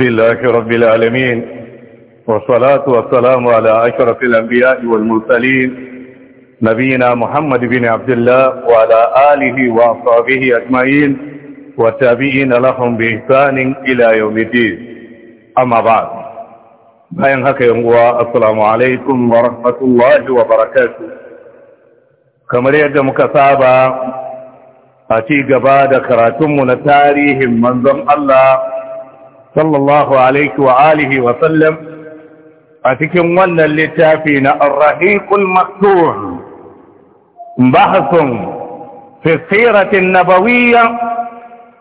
لله رب العالمين والصلاة والسلام على أشرف الأنبياء والمرسلين نبينا محمد بن عبد الله وعلى آله وأصحابه أجمعين والتابعين لهم بإحسان إلى يوم الدين أما بعد bayan هكا yanguwa assalamu alaikum wa rahmatullahi wa barakatuh kamar yadda muka بعد كراتم ci gaba da صلى الله عليه وآله وسلم أتكم ون اللتافين الرهيق المكتوح بحث في السيرة النبوية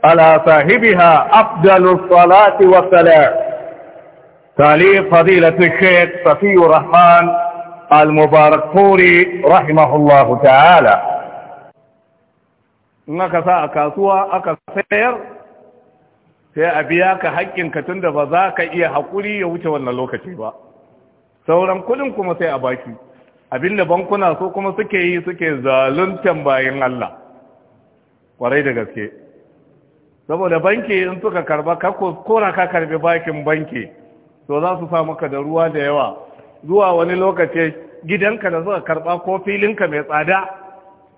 على صاحبها أفضل الصلاة والسلام تاليف فضيلة الشيخ صفي الرحمن المبارك فوري رحمه الله تعالى نكسا أكاسوا أكاسير أكاسير sai a biya ka haƙƙinka tun da ba za ka iya haƙuri ya wuce wannan lokaci ba sauran kuɗin kuma sai a baki abinda bankuna so kuma suke yi suke zaluntan bayan Allah kwarai da gaske saboda banki in suka karba ka kora ka karbi bakin banki to za su sa maka da ruwa da yawa zuwa wani lokaci gidanka da suka karba ko filinka mai tsada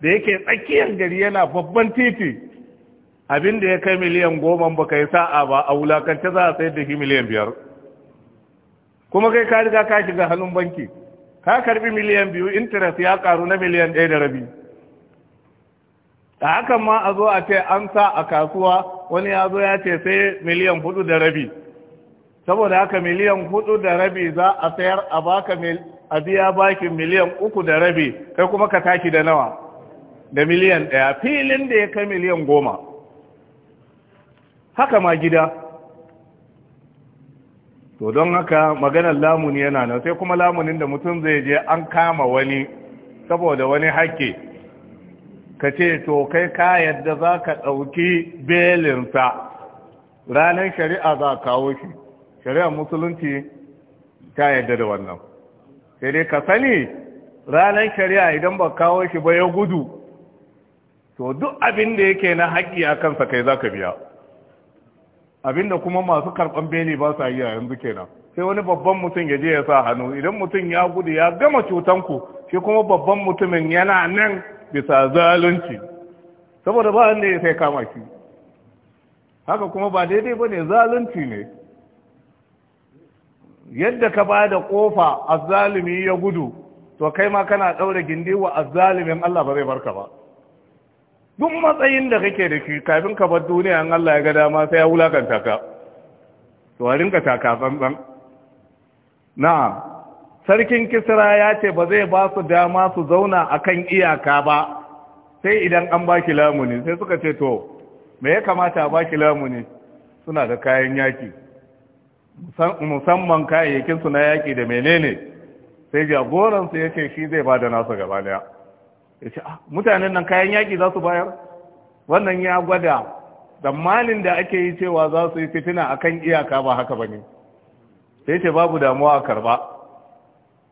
da yake tsakiyar gari yana babban titi abin da ya kai miliyan goma ba ka yi sa'a ba a wulakance za a sayar da shi miliyan biyar kuma kai ka riga ka shiga halin banki ka karbi miliyan biyu interest ya karu na miliyan ɗaya da rabi a hakan ma a zo a ce an sa a kasuwa wani ya zo ya ce sai miliyan hudu da rabi saboda haka miliyan hudu da rabi za a sayar a baka a biya bakin miliyan uku da rabi kai kuma ka tashi da nawa da miliyan ɗaya filin da ya kai miliyan goma haka ma gida to don haka maganar lamuni yana nan sai kuma lamunin da mutum zai je an kama wani saboda wani haƙƙi ka ce to kai ka yadda za ka ɗauki belinsa ranar shari'a za a kawo shi shari'ar musulunci ta yadda da wannan sai dai ka sani ranar shari'a idan ba kawo shi ba ya gudu to duk abin da yake na haƙƙi a kansa kai za ka biya abinda kuma masu karban beli ba sa yi a yanzu kenan sai wani babban mutum ya je ya sa hannu idan mutum ya gudu ya gama cutan ku shi kuma babban mutumin yana nan bisa zalunci saboda ba wanda ya sai kama shi haka kuma ba daidai ne zalunci ne yadda ka ba da kofa azzalimi ya gudu to kai ma kana ɗaure gindi wa azzalimin Allah ba zai barka ba duk matsayin da kake da shi kafin ka bar duniya an Allah ya ga dama sai ya wulakanta ka to a rinka taka tsantsan na'am sarkin kisra ya ce ba zai ba su dama su zauna akan iyaka ba sai idan an ba ki lamuni sai suka ce to me ya kamata a ba ki lamuni suna da kayan yaki musamman kayayyakin su na yaki da menene sai jagoransu ya ce shi zai ba da nasu gaba daya ya ce ah, mutanen nan kayan yaƙi za su bayar wannan ya gwada tsammanin da ake yi cewa za su yi fitina a kan iyaka ba haka ba ne sai ce babu damuwa a karba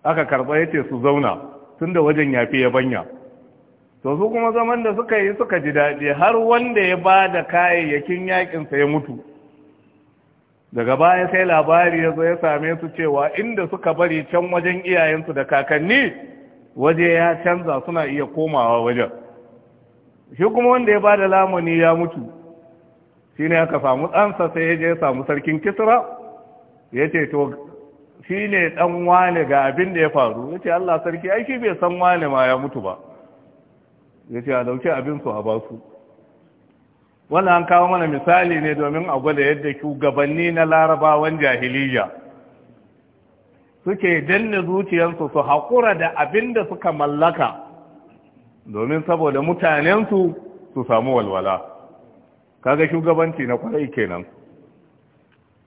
aka karba ya ce su zauna tun da wajen ya banya. to su kuma zaman da suka yi suka ji daɗi har wanda ya ba da kayayyakin yaƙinsa ya mutu daga baya sai labari ya zo ya same su cewa inda suka bari can wajen iyayensu da kakanni waje ya canza suna iya komawa wajen shi kuma wanda ya bada lamuni ya mutu shi ne aka samu ɗansa sai ya je samu sarkin kisra ya ce to shi ne ɗan wane ga abin da ya faru ya ce allah sarki aiki bai san wane ma ya mutu ba ya ce a abin abinsu a basu wannan an kawo mana misali ne domin a gwada yadda shugabanni na larabawan jahiliya suke danne zuciyarsu su haƙura da abin da suka mallaka domin saboda mutanensu su samu walwala kaga shugabanci na kwarai kenan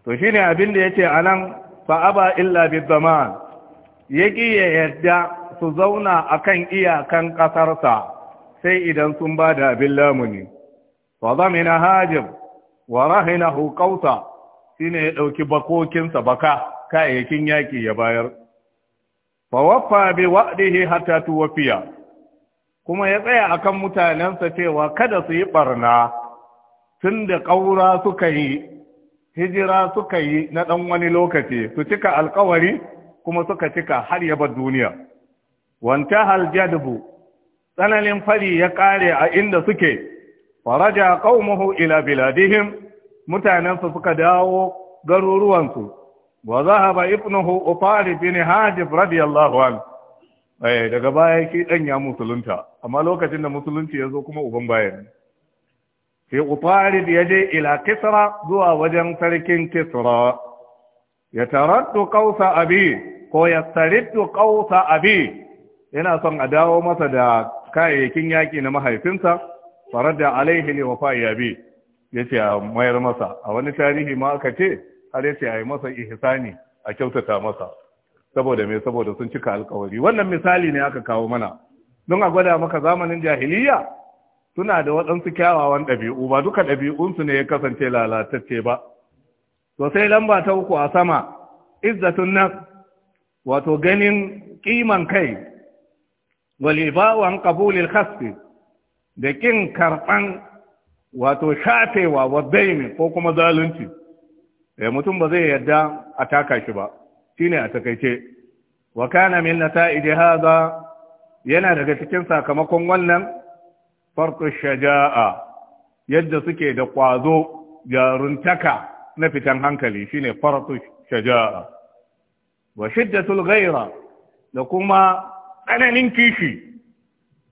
to shine abin da yace anan fa aba illa bi zaman yaki ya yarda su zauna akan iyakan ƙasarsa sai idan sun ba da abin lamuni wa zamina hajib wa rahinahu qausa shine ya dauki bakokinsa baka kayayyakin yaƙi ya bayar fawaffa bi wa'dihi hata tuwafiya kuma ya tsaya a kan mutanensa cewa kada su yi ɓarna. tun da ƙaura suka yi hijira suka yi na ɗan wani lokaci su cika alkawari kuma suka cika har ya duniya wanta haljadbu tsananin fari ya ƙare a inda suke faraja ƙaumahu ila biladihim mutanensa suka dawo garuruwansu وذهب ابنه ibnuhu Ufari bin رضي radiyallahu عنه اي daga baya ki dan ya musulunta amma lokacin da musulunci yazo kuma uban baya ne. sai Ufari ya je ila Kisra zuwa wajen sarkin Kisra ya taraddu qausa abi ko ya taraddu qausa abi yana son a dawo masa da kayayyakin yaki na mahaifinsa faradda alaihi li wafa abi yace a mayar masa a wani tarihi ma aka ce har yace ayi masa ihsani a kyautata masa saboda me saboda sun cika alkawari wannan misali ne aka kawo mana don a gwada maka zamanin jahiliya suna da waɗansu kyawawan ɗabi'u ba duka ɗabi'unsu ne ya kasance lalatacce ba to sai lamba ta uku a sama izzatun nas wato ganin kiman kai wal iba'u an qabulil khasfi da kin karban wato shafewa wa bayni ko kuma zalunci eh mutum ba zai yadda a taka shi ba Shi ne a takaice wa kana min nata'ij hadha yana daga cikin sakamakon wannan farqu shaja'a yadda suke da kwazo jaruntaka na fitan hankali shine farqu shaja'a wa shiddatul ghaira da kuma tsananin kishi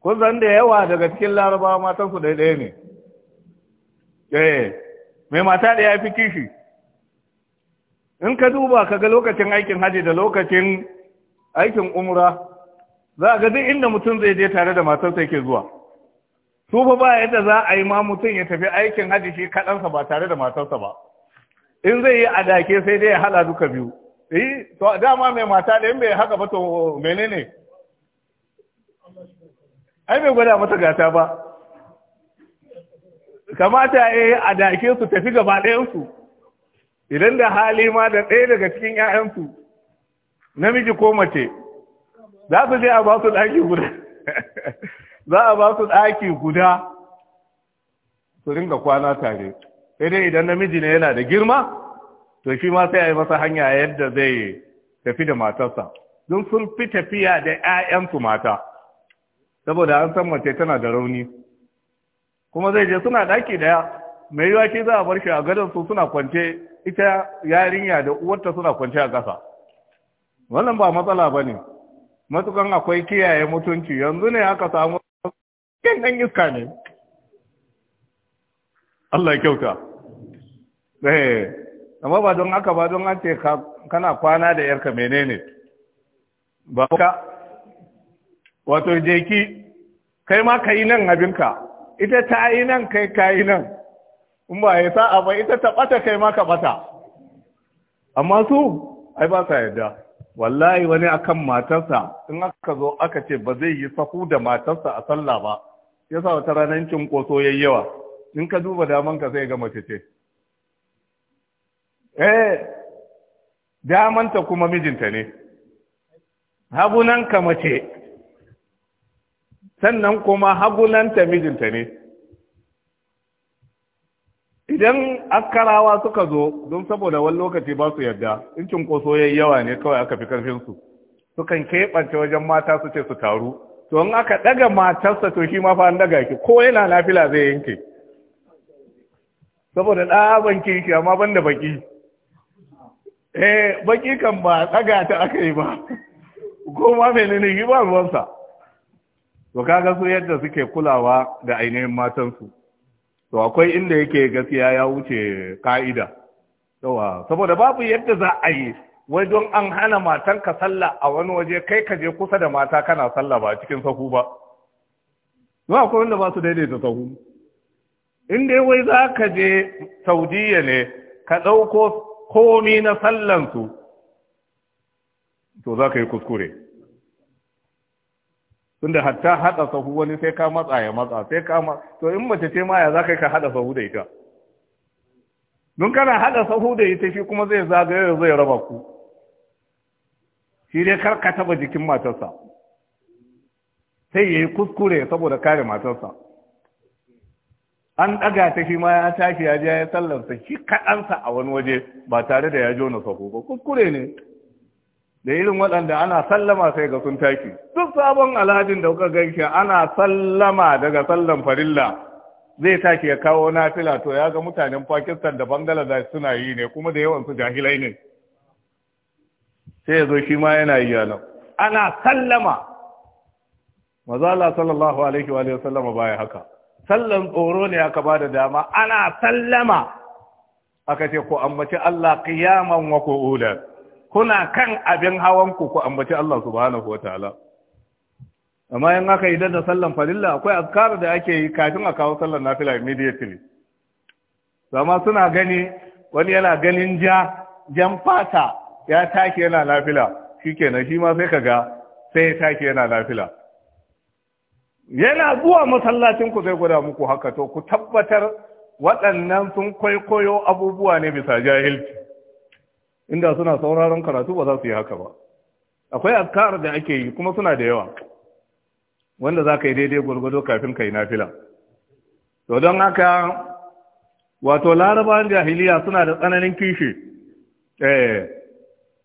ko zan da yawa daga cikin larabawa matansu ɗaya ne eh mai mata da ya fi kishi in ka duba ka ga lokacin aikin haji da lokacin aikin umra za ga duk inda mutum zai je tare da matarsa yake zuwa su fa ba yadda za a yi ma mutum ya tafi aikin haji shi kaɗansa ba tare da matarsa ba in zai yi adake sai dai ya hala duka biyu eh to dama mai mata da in bai haka ba to menene ai bai gwada mata gata ba kamata ya yi adake su tafi gaba ɗayan su idan da hali ma da ɗaya daga cikin ‘ya'yansu namiji ko mace za su je a ba su ɗaki guda za a ba su ɗaki guda su ringa kwana tare sai dai idan namiji ne yana da girma to shi ma sai a yi masa hanya yadda zai tafi da matarsa don sun fi tafiya da 'ya'yansu mata saboda an san mace tana da rauni kuma zai je suna ɗaki ɗaya mai yiwa ke za a bar shi a gadon su suna kwance ita yarinya da uwarta suna kwanci a ƙasa wannan ba matsala ba ne matukan akwai kiyaye mutunci yanzu ne aka samu ƙin ɗan iska ne Allah kyauta eh amma ba don haka ba don an ce kana kwana da yarka menene ba ka wato jeki kai ma ka yi nan abinka ita ta yi nan kai ka yi nan in ba ya sa ba ita ta ɓata kai ma ka ɓata amma su ai ba sa yadda. wallahi wani akan matarsa in aka zo aka ce ba zai yi sahu da matarsa a sallah ba ya sa wata ranar cinkoso ya yawa in ka duba daman ka sai ga mace ce eh damanta kuma mijinta ne hagunan mace sannan kuma hagunanta mijinta ne idan askarawa suka zo don saboda wani lokaci ba su yarda in cinkoso yayi yawa ne kawai aka fi karfin su sukan keɓance wajen mata su ce su taru to in aka daga matarsa to shi ma fa an daga ki ko yana lafila zai yanke saboda ɗaban kishi amma ban da baki eh baki kan ba daga ta aka yi ba ko ma menene shi ba ruwansa to kaga su yadda suke kulawa da ainihin matansu to akwai inda yake gaskiya ya wuce ka'ida yawa saboda babu yadda za a yi wai don an hana matan ka sallah a wani waje kai ka je kusa da mata kana sallah ba cikin sahu ba zuwa akwai wanda ba su daidaita sahu in dai wai za ka je saudiya ne ka ɗauko komi na sallansu to za ka yi kuskure tunda hatta hada sahu wani sai ka matsa ya matsa sai ka ma to in mace ce ma ya zaka ka hada sahu da ita don kana hada sahu da ita shi kuma zai zagaye zai raba ku shi dai kar ka taba jikin matarsa sai yayi kuskure saboda kare matarsa an daga ta shi ma ya tashi ya je ya sallarsa shi kaɗansa a wani waje ba tare da ya jona sahu ba kuskure ne da irin waɗanda ana sallama sai ga sun taki duk sabon alhajin da kuka gaishe ana sallama daga sallan farilla zai take ya kawo nafila to ya ga mutanen Pakistan da Bangladesh suna yi ne kuma da yawan su jahilai ne sai ya zo shi ma yana yi yana ana sallama mazala sallallahu alaihi wa sallama baya haka sallan tsoro ne aka ba da dama ana sallama aka ce ko mace Allah qiyaman wa qu'udan kuna kan abin hawan ku ku ambaci Allah subhanahu wataala amma in aka yi da sallan farilla akwai azkar da ake yi kafin a kawo sallan nafila immediately amma suna gani wani yana ganin ja jan fata ya take yana nafila shikenan shi ma sai kaga sai ya take yana nafila yana zuwa masallacin ku zai gwada muku haka to ku tabbatar waɗannan sun kwaikwayo abubuwa ne bisa jahilci inda suna sauraron karatu ba za su yi haka ba akwai azkar da ake yi kuma suna da yawa wanda za ka yi daidai gwargwado kafin ka yi nafila to don haka wato larabawan jahiliya suna da tsananin kishi eh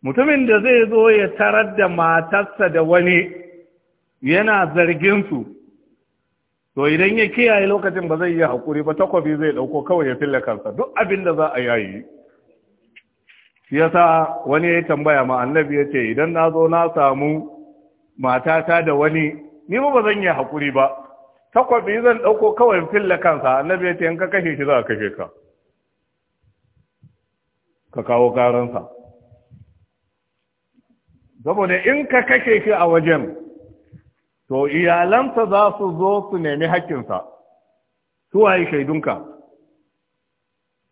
mutumin da zai zo ya tarar da matarsa da wani yana zarginsu to idan ya kiyaye lokacin ba zai yi haƙuri ba takwabi zai ɗauko kawai ya fille kansa duk abin da za a yayi shi yasa wani ya tambaya ma annabi ya ce idan na zo na samu matata da wani ni ba zan yi haƙuri ba takwabi zan ɗauko kawai filla kansa annabi ya ce in ka kashe shi za ka kashe ka ka kawo karansa saboda in ka kashe shi a wajen to iyalansa za su zo su nemi haƙƙinsa su waye shaidunka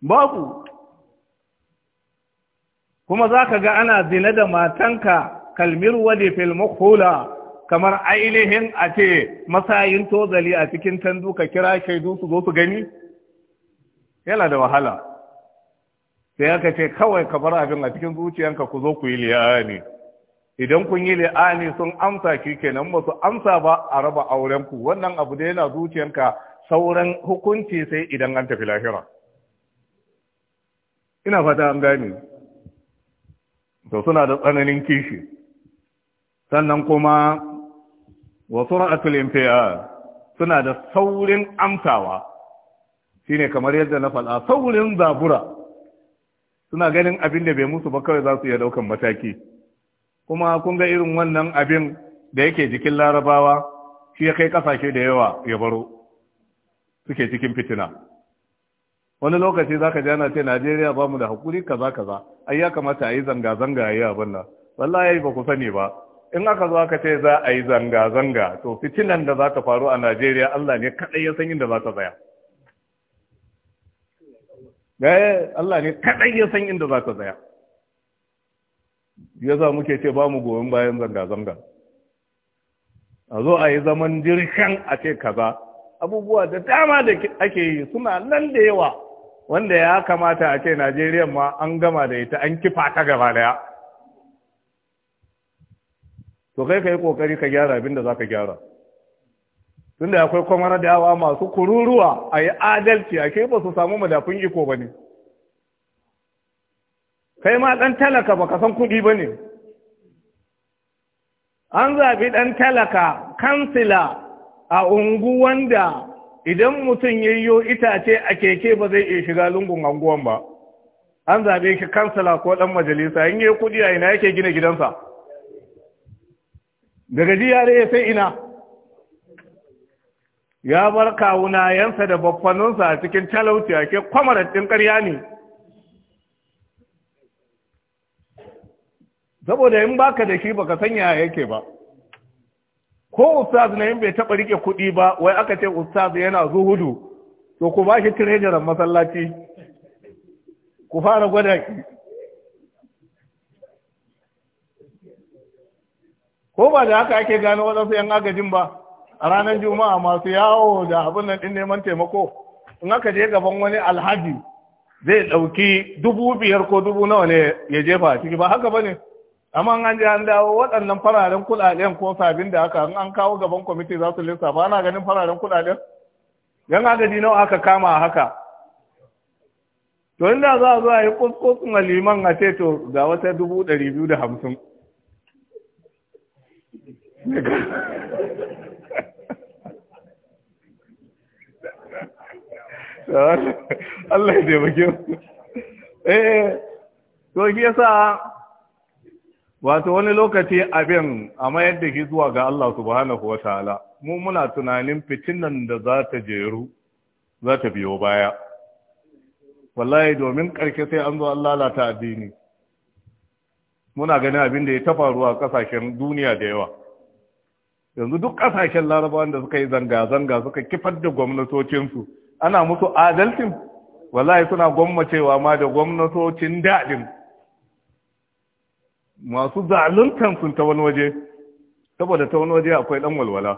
babu kuma za ka ga ana zina da matanka kalmir wade fil kamar ainihin a ce masayin tozali a cikin tandu ka kira shaidu su zo su gani yana da wahala sai aka ce kawai ka bar abin a cikin zuciyanka ku zo ku yi liyani idan kun yi liyani sun amsa ki kenan ba amsa ba a raba aurenku wannan abu da yana zuciyanka sauran hukunci sai idan an tafi lahira ina fata an gani. to suna da tsananin kishi sannan kuma wa sur'atul infial suna da saurin amsawa shine kamar yadda na faɗa saurin zabura suna ganin abin da bai musu ba kawai za su iya daukan mataki kuma kun ga irin wannan abin da yake jikin larabawa shi ya kai kasashe da yawa ya baro suke cikin fitina wani lokaci za ka ji ce najeriya ba mu da haƙuri kaza kaza ai ya kamata a yi zanga-zanga ya yi abin nan wallahi ba ku sani ba in aka zo aka ce za a yi zanga-zanga to fitinan da za ta faru a najeriya allah ne kaɗai ya san inda za ta tsaya eh, allah ne kaɗai ya san inda za ta tsaya ya za muke ce ba mu goyon bayan zanga-zanga a zo a yi zaman jirgin a ce kaza abubuwa da dama da ake yi suna nan da yawa wanda ya kamata a ce Najeriya ma an gama da ita an kifa ta gaba daya to kai yi ƙoƙari ka gyara abin za ka gyara tunda akwai kwamar da yawa masu kururuwa a yi adalci a kai ba su samu madafin iko ba ne kai ma ɗan talaka ba ka san kuɗi ba ne an zaɓi ɗan talaka kansila a unguwan da idan mutum ya yiwo itace a keke ba zai iya shiga lungun anguwan ba an zaɓe shi kansala ko dan majalisa in yi kudi a ina yake gina gidansa daga yare ya sai ina ya bar kawunayensa da baffaninsa a cikin talauci ake kwamarar ɗin ƙarya ne saboda in baka da shi baka sanya yake ba ko ustaz na in bai taɓa rike kuɗi ba wai aka ce ustaz yana zuhudu to ku ba shi tirejiran masallaci ku fara gwada ki ko ba da haka ake gano waɗansu 'yan agajin ba a ranar juma'a masu yawo da abin nan ɗin neman taimako in aka je gaban wani alhaji zai ɗauki dubu biyar ko dubu nawa ne ya jefa ciki ba haka ba ne amma an ji an dawo waɗannan fararen kuɗaɗen ko sabin da aka an kawo gaban kwamiti za su lissafa ana ganin fararen kuɗaɗen yan agaji nawa aka kama a haka to inda za a zo a yi kuskusun liman a ce to ga wata dubu ɗari biyu da hamsin Allah ya taimake mu. Eh, to shi yasa wato wani lokaci abin a mayar da shi zuwa ga Allah subhanahu wa ta'ala mu muna tunanin nan da za ta jeru za ta biyo baya wallahi domin ƙarshe sai an zo an lalata addini muna ganin abin da ya ta faruwa a ƙasashen duniya da yawa yanzu duk ƙasashen larabawan da suka yi zanga-zanga suka kifar da gwamnatocinsu ana musu adalcin wallahi suna gwammacewa ma da gwamnatocin daɗin masu zaluntan sun ta wani waje saboda ta wani waje akwai dan walwala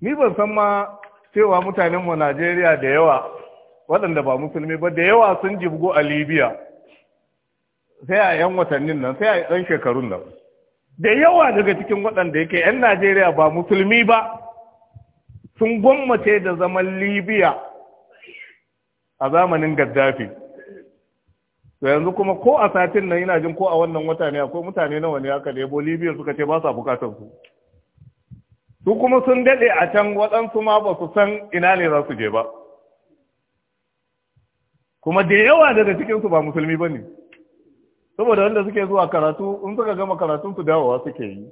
ni ban san ma cewa mutanen mu Najeriya da yawa waɗanda ba musulmi ba da yawa sun jibgo a Libya sai a yan watannin nan sai a ɗan shekarun nan da yawa daga cikin waɗanda yake 'yan Najeriya ba musulmi ba sun gwammace da zaman Libya a zamanin Gaddafi to yanzu kuma ko a satin nan ina jin ko a wannan wata ne akwai mutane nawa ne aka ne, Bolivia suka ce ba sa bukatar su su kuma sun daɗe a can waɗansu ma ba su san ina ne za su je ba kuma da yawa daga cikinsu ba musulmi ba ne saboda wanda suke zuwa karatu in suka gama karatun su dawowa suke yi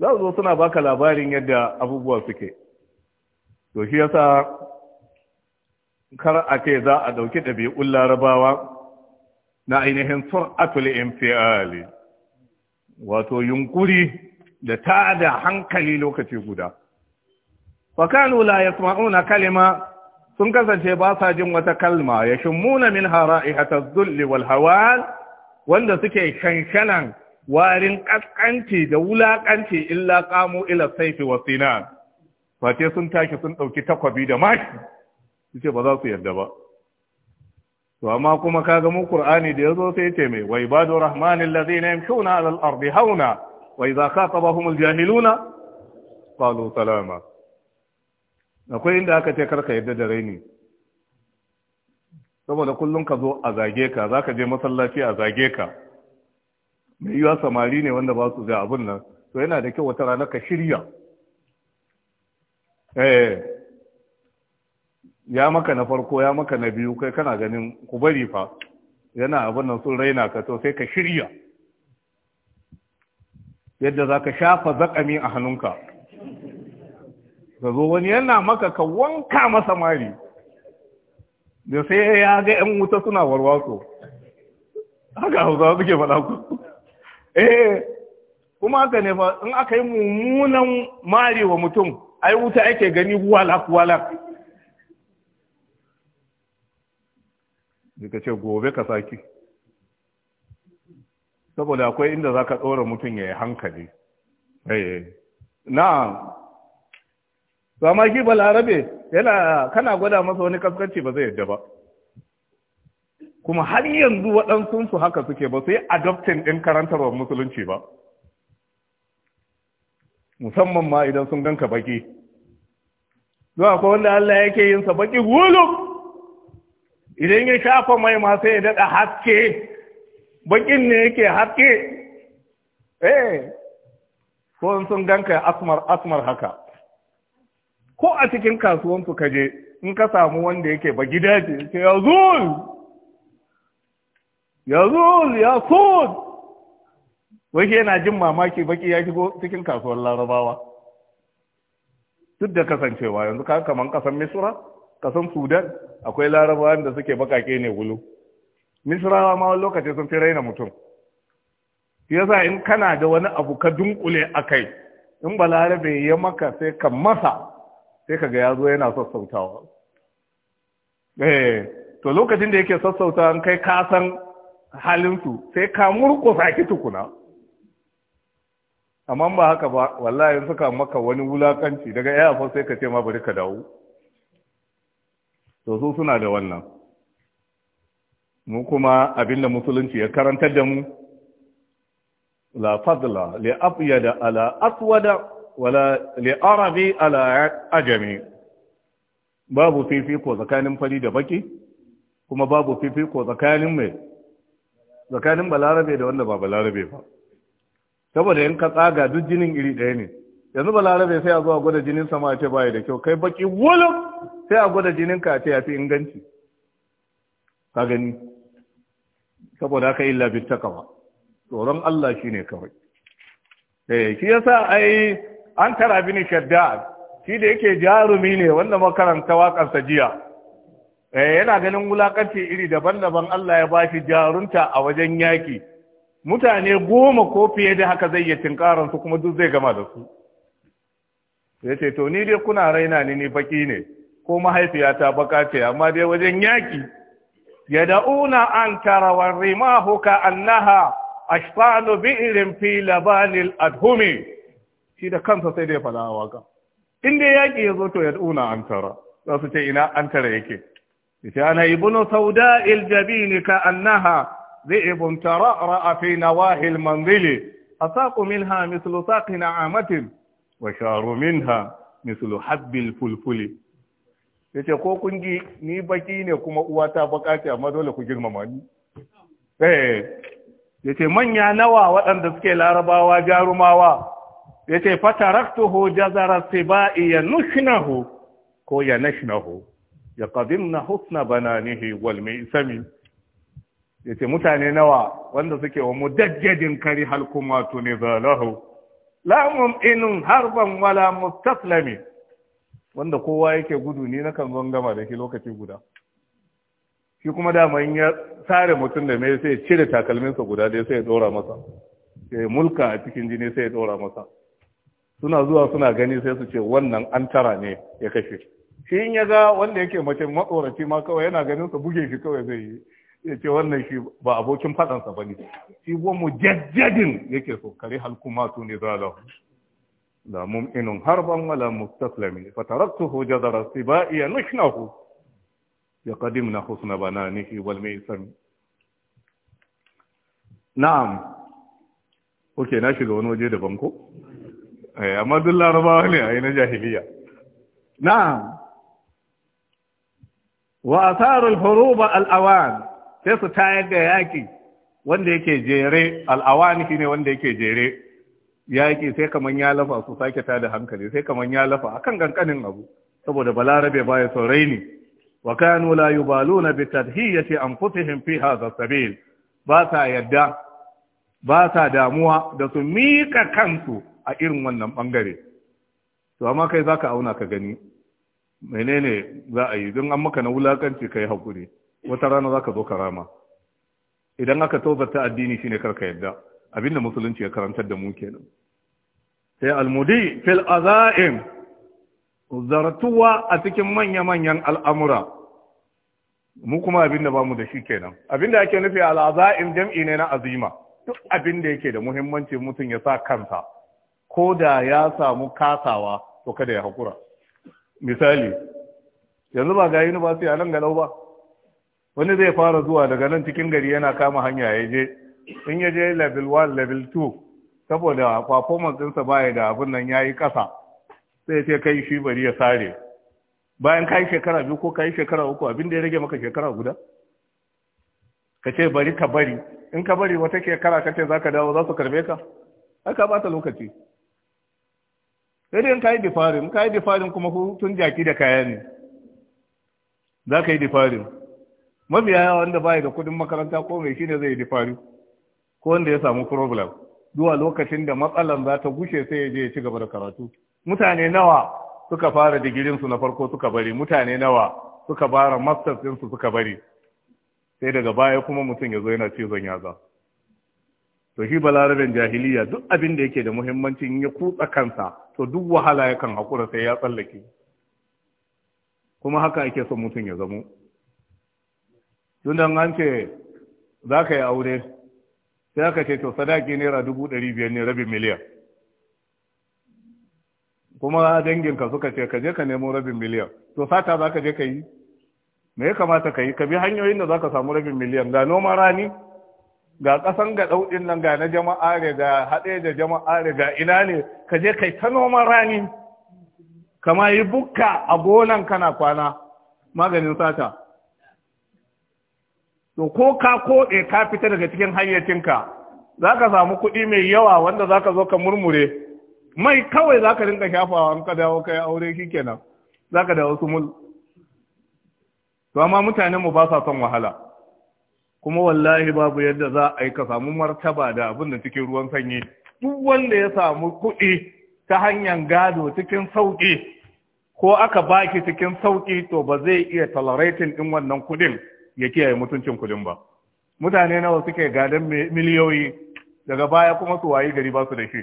za su zo suna baka labarin yadda abubuwa suke to shi yasa kar a ce za a ɗauki ɗabi'un larabawa na ainihin sur'atul infiali wato yunkuri da tada hankali lokaci guda wa kanu la yasma'una kalima sun kasance ba sa jin wata kalma ya shimmuna min hara'ihatar zulli wal hawal wanda suke shanshanan warin kaskanci da wulaƙanci illa ƙamu ila saifi wa sinan fate sun tashi sun ɗauki takwabi da mashi su ce ba za su yarda ba to amma kuma kaga mu qur'ani da yazo sai yace mai wa ibadu rahman ladina yamshuna ala al-ardi hauna wa idha khatabahum al-jahiluna qalu salama akwai inda aka ce karka yadda da raini saboda kullum ka zo a zage ka zaka je masallaci a zage ka mai yiwa samari ne wanda ba su da abun nan to yana da kyau wata rana ka shirya eh ya maka na farko ya maka na biyu kai kana ganin ku bari fa yana abin nan sun raina ka to sai ka shirya yadda za ka shafa zakami a hannunka ka zo wani yana maka ka wanka masa mari da sai ya ga yan wuta suna warwatsu haka zawa suke faɗa ku eh kuma haka ne fa in aka yi mummunan mari wa mutum ai wuta ake gani walak walak daga ce gobe ka sake saboda akwai inda za ka ɗora mutum ya yi hankali eh, eh. na'am sama shi balarabe yana kana gwada masa wani kaskanci ba zai yadda ba kuma har yanzu waɗansunsu haka suke ba su yi adoptin ɗin karantarwar musulunci ba musamman ma idan sun ganka baki zuwa ko wanda Allah yake yin sa baki idan ya shafa mai masu sai ya daɗa haske bakin ne yake haske eh ko sun ganka asmar asmar haka ko a cikin kasuwansu ka je in ka samu wanda yake ba gida ce ya zul ya zul ya sud wai yana jin mamaki baki ya shigo cikin kasuwar larabawa duk da kasancewa yanzu ka kaman kasan misra kasan sudan akwai larabawan da suke bakake ne gulu misrawa ma wani lokaci sun fi raina mutum yasa in kana da wani abu ka dunkule a kai in ba Larabe ya maka sai ka masa sai ka ga ya zo yana sassautawa eh to lokacin da yake sassautawa kai ka san halinsu sai ka murkusa ki tukuna amma ba haka ba wallahi suka maka wani wulakanci daga yafa sai ka ce ma bari ka dawo to su suna da wannan mu kuma abinda musulunci ya karantar da mu la fadla li abyada ala aswada wala li arabi ala ajami babu fifiko tsakanin fari da baki kuma babu fifiko tsakanin mai tsakanin balarabe da wanda ba balarabe ba saboda in ka tsaga duk jinin iri ɗaya ne yanzu balarabe sai a zuwa gwada jinin sama ce baya da kyau kai baki wulum sai a gwada jinin ka ya fi inganci ka gani saboda haka illa bi takawa tsoron Allah shine kawai eh shi yasa ai an tara ni shaddad shi da yake jarumi ne wanda makaranta wakarsa jiya eh yana ganin wulakanci iri daban-daban Allah ya ba shi jarunta a wajen yaki mutane goma ko fiye da haka zai yi su kuma duk zai gama da su ya ce to ni dai kuna raina ni ni baki ne ko mahaifiyata baka ce amma dai wajen yaki yad'una an karawar rimahu ka annaha ashfanu bi'rin fi labanil adhumi shi da kansa sai dai fada waka in dai yaki yazo to yad'una an tara za su ce ina an tara yake yace ana ibnu sauda'il jabin ka annaha ذئب ترأرأ في نواهي المنزل minha منها مثل ساق نعامة وشار منها مثل حب fulfuli. ya ce ko kun ni baki ne kuma uwa ta baka amma dole ku girmama ni eh, ya ce manya nawa waɗanda suke larabawa jarumawa ya ce fataraktuhu jazara siba'i ya nushinahu ko ya nashinahu ya qadimna husna bananihi wal mi'sami ya ce mutane nawa wanda suke wa mudajjadin kari halkuma tuni zalahu lamun inun harban wala mustaslami wanda kowa yake gudu ni na kan zon gama da shi lokaci guda shi kuma dama ya tsare mutum da mai sai cire takalminsa guda dai sai ya ɗora masa sai mulka a cikin jini sai ya ɗora masa suna zuwa suna gani sai su ce wannan an tara ne ya kashe shi in ya ga wanda yake mace matsoraci ma kawai yana ganin sa buge shi kawai zai yi ya ce wannan shi ba abokin faɗansa ba ne shi mu jajjadin yake so kare su ne zalahu لا ممئن هربا ولا مستسلم فتركته جذر السباء نشنه يقدمنا حسن بنانه والميسم نعم اوكي na shiga wani waje daban ko eh amma ne a na jahiliya na'am wa athar al sai su tayar da yaki wanda yake jere al-awan shine wanda yake jere yaƙi sai kaman ya lafa su sake ta da hankali sai kamar ya lafa akan gankanin abu saboda balarabe baya saurayi ne wa kanu la yubaluna bi tadhiyati anfusihim fi hadha sabil ba sa yadda ba sa damuwa da su mika kansu a irin wannan bangare to amma kai zaka auna ka gani menene za a yi don an maka na wulakanci kai hakuri wata rana zaka zo karama idan aka tozata addini shine karka yadda abinda musulunci ya karantar da mu kenan sai almudi fil azaim zartuwa a cikin manya-manyan al'amura mu kuma abin da ba mu da shi kenan abin da ake nufi al'azaim jam'i ne na azima duk abin da yake da muhimmanci mutum ya sa kansa ko da ya samu kasawa to kada ya haƙura misali yanzu ba ga ba a nan galau ba wani zai fara zuwa daga nan cikin gari yana kama hanya ya je in ya je level 1 level 2 saboda performance ɗinsa baya da abin nan ya yi ƙasa sai ce kai shi bari ya sare bayan kai shekara biyu ko kai shekara uku abin da ya rage maka shekara guda ka ce bari ka bari in ka bari wata shekara ka ce za ka dawo za su karbe ka Ai ka bata lokaci sai dai in ka yi difarin ka yi difarin kuma tun jaki da kaya ne za ka yi difarin mabiya wanda ya da kudin makaranta ko mai shine zai yi difari ko wanda ya samu problem zuwa lokacin da matsalar za ta gushe sai ya je ya ci gaba da karatu mutane nawa suka fara digirinsu na farko suka bari mutane nawa suka fara masters suka bari sai daga baya kuma mutum ya zo yana cizon yaza to shi balarabin jahiliya duk abin da yake da muhimmanci in ya kutsa kansa to duk wahala yakan haƙura sai ya tsallake kuma haka ake son mutum ya zamo tun an ce za ka yi aure sai aka ce to sadaki naira dubu ɗari biyar ne rabin miliyan kuma danginka suka ce ka je ka nemo rabin miliyan to sata za ka je ka yi me ya kamata ka yi ka bi hanyoyin da za ka samu rabin miliyan ga noma rani ga ƙasan ga ɗauɗin nan ga na jama'a ne ga haɗe da jama'a ne ga ina ne ka je kai ta noman rani kama yi bukka a gonan kana kwana maganin sata to ko ka koɗe ka fita daga cikin hayyacinka za ka samu kuɗi mai yawa wanda za ka zo ka murmure mai kawai za ka rinka shafawa an ka dawo kai aure shi kenan za ka dawo mul? to amma mutanen mu ba sa son wahala kuma wallahi babu yadda za a yi ka samu martaba da abin da cikin ruwan sanyi duk wanda ya samu kuɗi ta hanyar gado cikin sauƙi ko aka baki cikin sauƙi to ba zai iya tolerating ɗin wannan kuɗin ya kiyaye mutuncin kudin ba mutane nawa suke gadan miliyoyi daga baya kuma su wayi gari ba su da shi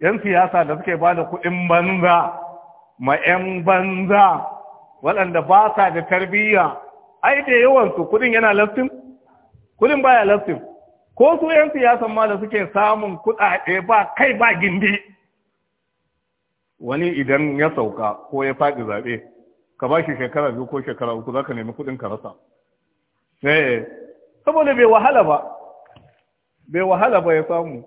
yan siyasa da suke ba da kudin banza ma yan banza waɗanda ba sa da tarbiyya ai da yawan su kudin yana lastin kudin baya lastin ko su yan siyasa ma da suke samun kuɗaɗe ba kai ba gindi wani idan ya sauka ko ya faɗi zaɓe ka ba shi shekara biyu ko shekara uku za ka nemi kuɗin ka rasa eh saboda bai wahala ba bai wahala ba ya samu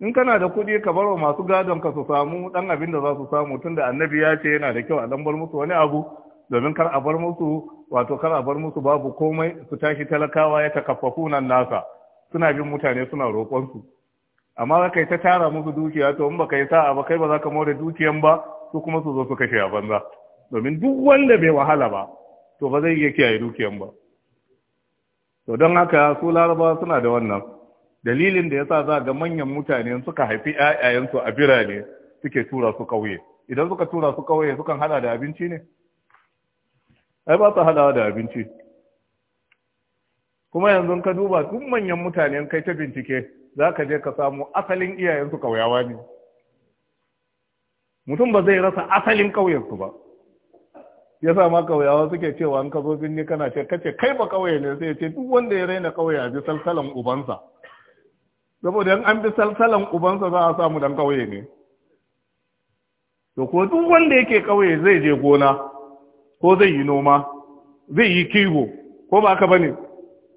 in kana da kuɗi ka baro masu gadon ka su samu dan abin da za su samu tunda annabi ya ce yana da kyau a dan bar musu wani abu domin kar a bar musu wato kar a bar musu babu komai su tashi talakawa ya takaffafu nan nasa suna bin mutane suna roƙon su amma za ka yi ta tara musu dukiya to in baka yi sa'a ba kai ba za ka more dukiyan ba su kuma su zo su kashe a banza domin duk wanda bai wahala ba to ba zai iya kiyaye dukiyan ba to don haka su Laraba suna da wannan dalilin da yasa za ga manyan mutane suka haifi 'ya'yayensu a birane suke tura su kauye idan suka tura su kauye sukan hada da abinci ne ai ba su hada da abinci kuma yanzu ka duba duk manyan mutane kai ta bincike za ka je ka samu asalin iyayensu kauyawa ne mutum ba zai rasa asalin ƙauyensu ba ya sa ma kauyawa suke cewa an ka zo binni kana ce kace kai ba kauye ne sai ce duk wanda ya raina kauye a bi salsalan ubansa saboda an bi salsalan ubansa za a samu dan kauye ne to ko duk wanda yake kauye zai je gona ko zai yi noma zai yi kiwo ko ba ka bane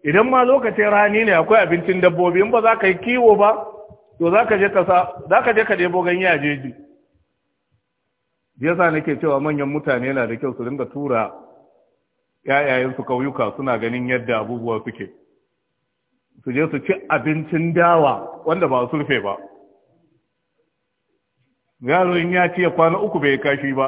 idan ma lokacin rani ne akwai abincin dabbobi in ba za ka yi kiwo ba to za ka je ka sa za ka je ka debo ganye a jeji yasa nake cewa manyan mutane na da kyau su dinga tura yayayensu kauyuka suna ganin yadda abubuwa suke su je su ci abincin dawa wanda ba surfe ba yaro in ya ce kwana uku bai kashi ba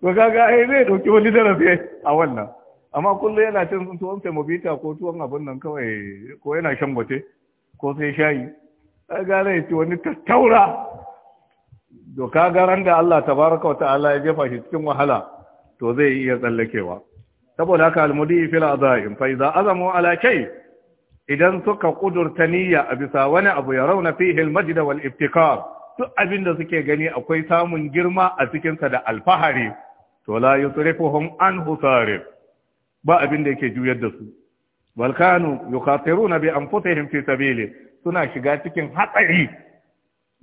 ba ai zai dauki wani darasi a wannan amma kullum yana cin tuwon semobita ko tuwon abin nan kawai ko yana shan gwate ko sai shayi a gane ce wani tattaura Doka garan da Allah tabaraka wa ta'ala ya jefa shi cikin wahala to zai iya tsallakewa saboda haka almudi fil azaim fa idza azamu ala idan suka kudurta niyya a bisa wani abu ya rauna fihi almajda wal ibtikar duk abin da suke gani akwai samun girma a cikin sa da alfahari to la yusrifuhum an husarif ba abin da yake juyar da su bal kanu yukhatiruna bi anfusihim fi sabili suna shiga cikin hatsari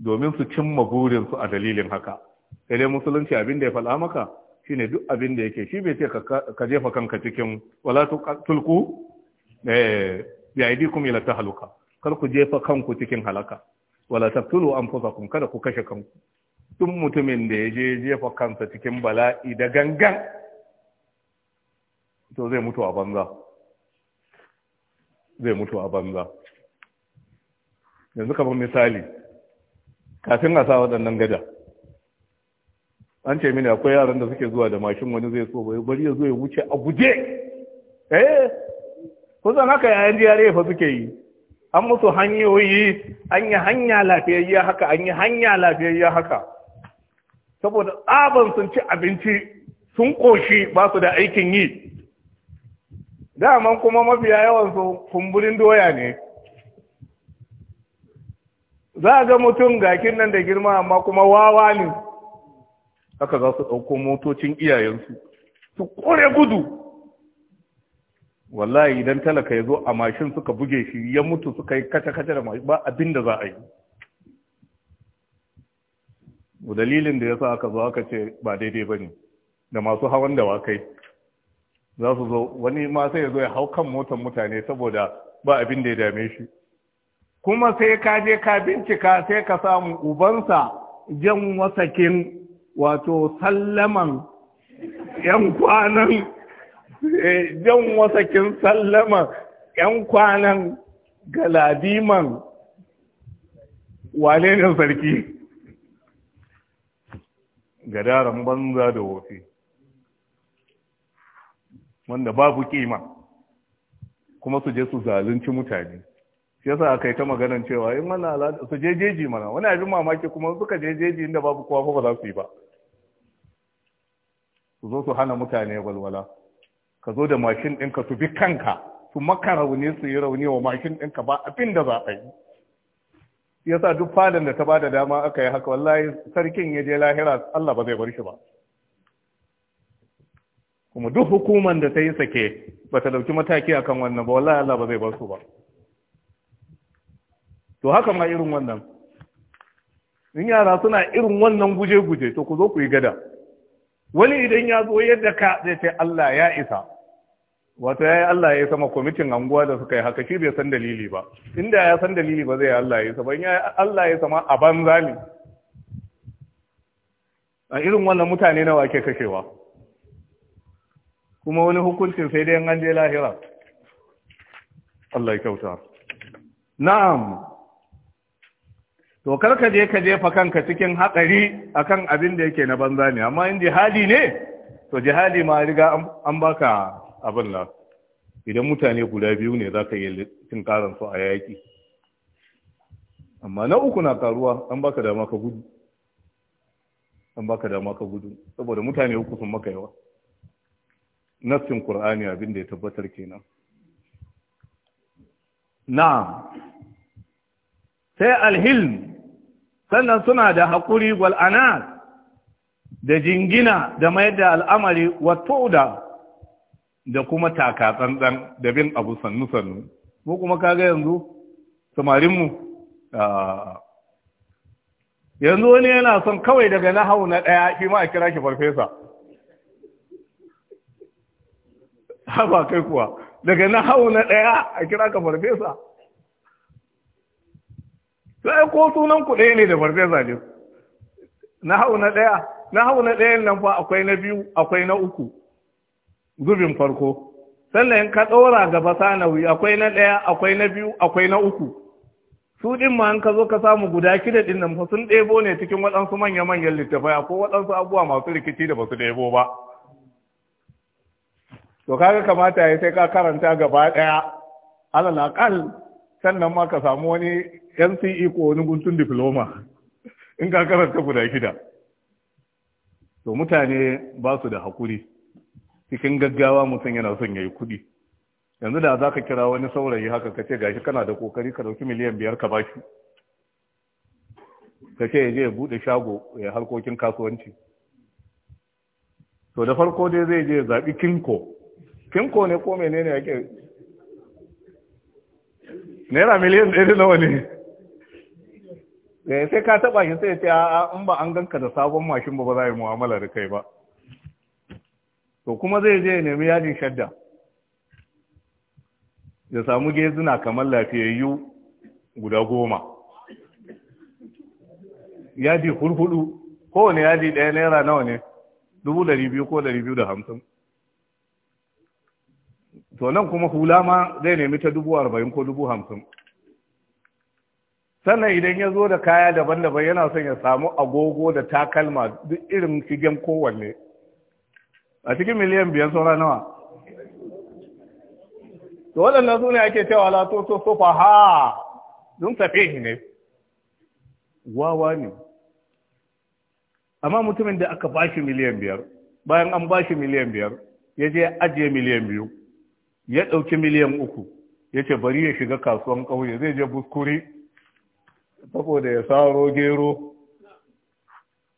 domin su cimma burinsu a dalilin haka sai dai musulunci abin da ya faɗa maka shine duk abin da yake shi bai ce ka jefa kanka cikin wala tulku ya eh, yi aidikum ila haluka. kar ku jefa kanku cikin halaka wala an fasa kun kada ku kashe kanku duk mutumin da ya je jefa kansa cikin bala'i da gangan to zai mutu a banza zai mutu a banza yanzu kamar misali kafin a sa waɗannan gada an ce mini akwai yaran da suke zuwa da mashin wani zai so bai bari ya zo ya wuce a guje eh kusan haka yayan jiyare fa suke yi an musu hanyoyi an yi hanya lafiyayya haka an yi hanya lafiyayya haka saboda tsaban sun ci abinci sun ƙoshi ba su da aikin yi daman kuma mafiya yawan su kumburin doya ne za a ga mutum gakin nan da girma amma kuma wawa ne haka za su ɗauko motocin iyayensu su kore gudu wallahi idan talaka ya zo a mashin suka buge shi ya mutu suka yi kace-kace da mashin ba abin da za a yi dalilin da ya sa aka zo aka ce ba daidai ba ne da masu hawan da dawakai za su zo wani ma ya zo ya hau kan motan mutane saboda ba abin da ya dame shi kuma sai ka je ka bincika sai ka samu ubansa jan wasakin wato sallaman yan kwanan eh, jan wasakin sallaman yan kwanan galadiman wane ne sarki gadaran banza da wofi wanda babu kima kuma su je su zalunci mutane shi yasa aka yi ta maganan cewa in eh, wani al'ada su jejeji mana wani abin mamaki kuma suka jejeji inda babu kowa ba za su yi ba su zo su hana mutane walwala ka zo da mashin ɗinka su bi kanka su maka rauni su yi rauni wa mashin ɗinka ba abin da za a yi yasa duk fadan da ta bada dama aka yi haka wallahi sarkin ya je lahira Allah ba zai bar shi ba kuma duk hukuman da ta yi sake ba ta dauki mataki akan wannan ba wallahi Allah ba zai bar su ba to haka ma irin wannan in yara suna irin wannan guje-guje to ku zo ku yi gada wani idan ya zo yadda ka zai ce Allah ya isa wato ya yi Allah ya sama kwamitin anguwa da suka yi haka shi bai san dalili ba inda ya san dalili ba zai yi Allah ya sama ya Allah ya sama a banza ne a irin wannan mutane nawa ke kashewa kuma wani hukuncin sai dai an je lahira Allah ya kyauta na'am to kar ka je ka jefa kanka cikin hatsari akan abin da yake na banza ne amma in jihadi ne to jihadi ma riga an baka abin nan idan mutane guda biyu ne za ka yi cin karin su a yaƙi amma na uku na karuwa an baka dama ka gudu an baka dama ka gudu saboda mutane uku sun maka yawa nassin qur'ani abin da ya tabbatar kenan na'am sai alhilm sannan suna da haƙuri wal'ana da jingina da mayar da al'amari wato da da kuma taka tsantsan da bin abu sannu-sannu ko kuma kaga yanzu samarinmu yanzu wani yana son kawai daga na hau na ɗaya shi ma a kira shi farfesa haba kai kuwa daga na hau na ɗaya a kira ka farfesa sai ko sunan ku ɗaya ne da farfesa ne na hau na ɗaya na hau na ɗayan nan fa akwai na biyu akwai na uku zubin farko sannan ka ɗora gaba sanawi akwai na ɗaya akwai na biyu akwai na uku su ɗin ma an ka zo ka samu guda kida ɗin nan fa sun ɗebo ne cikin waɗansu manya-manyan littafai ko waɗansu abubuwa masu rikici da basu ɗebo ba to kaga kamata ya sai ka karanta gaba ɗaya alal aqal sannan ma ka samu wani NCE ko wani guntun diploma in ka karanta guda shida to mutane ba su da haƙuri cikin gaggawa mutum yana son ya yi kuɗi yanzu da za ka kira wani saurayi haka ka ce gashi kana da kokari ka ɗauki miliyan biyar ka bashi ka ce ya je ya buɗe shago ya harkokin kasuwanci to da farko dai zai je zaɓi kinko kinko ne ko menene ke? naira miliyan ɗaya da nawa ne eh, sai ka taɓa shi sai ce a'a? in ba an ganka da sabon mashin ba ba za a yi mu'amala da kai ba to kuma zai je nemi yajin shadda ya samu gezuna kamar lafiyayyu guda goma Yaji hulhudu kowane yaji ɗaya naira nawa ne dubu ɗari biyu ko ɗari biyu da hamsin to nan kuma hula ma zai nemi ta dubu arba'in ko dubu hamsin sannan idan ya zo da kaya daban-daban yana son ya samu agogo da takalma duk irin shigen kowanne a cikin miliyan biyar saura nawa to waɗannan su ne ake cewa latoto sofa ha tafe shi ne wawa ne amma mutumin da aka bashi miliyan biyar bayan an bashi miliyan biyar ya je ajiye miliyan biyu ya ɗauki miliyan uku ya ce bari ya shiga kasuwan ƙauye zai je buskuri saboda ya saro gero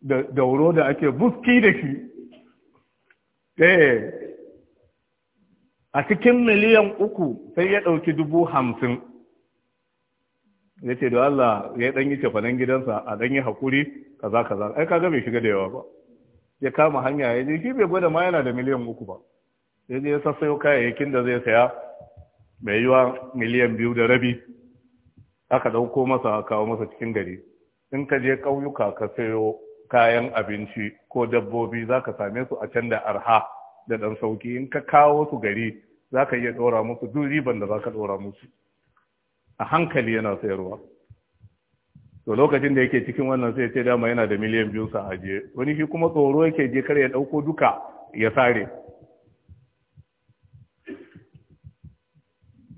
da dauro da ake buski da shi eh a cikin miliyan uku sai ya ɗauki dubu hamsin ya ce da Allah ya ɗan yi cefanen gidansa a ɗan yi haƙuri kaza kaza ai kaga bai shiga da yawa ba ya kama hanya ya je shi bai gwada ma yana da miliyan uku ba ya sassayo kayayyakin da zai saya mai yiwa miliyan biyu da rabi aka ɗauko masa a kawo masa cikin gari in ka je ƙauyuka ka sayo kayan abinci ko dabbobi za ka same su a can da arha da ɗan sauki in ka kawo su gari za ka iya ɗora musu duk riban da za ka ɗora musu a hankali yana sayarwa to lokacin da yake cikin wannan sai ce dama yana da miliyan biyu sa ajiye wani shi kuma tsoro yake je kar ya ɗauko duka ya sare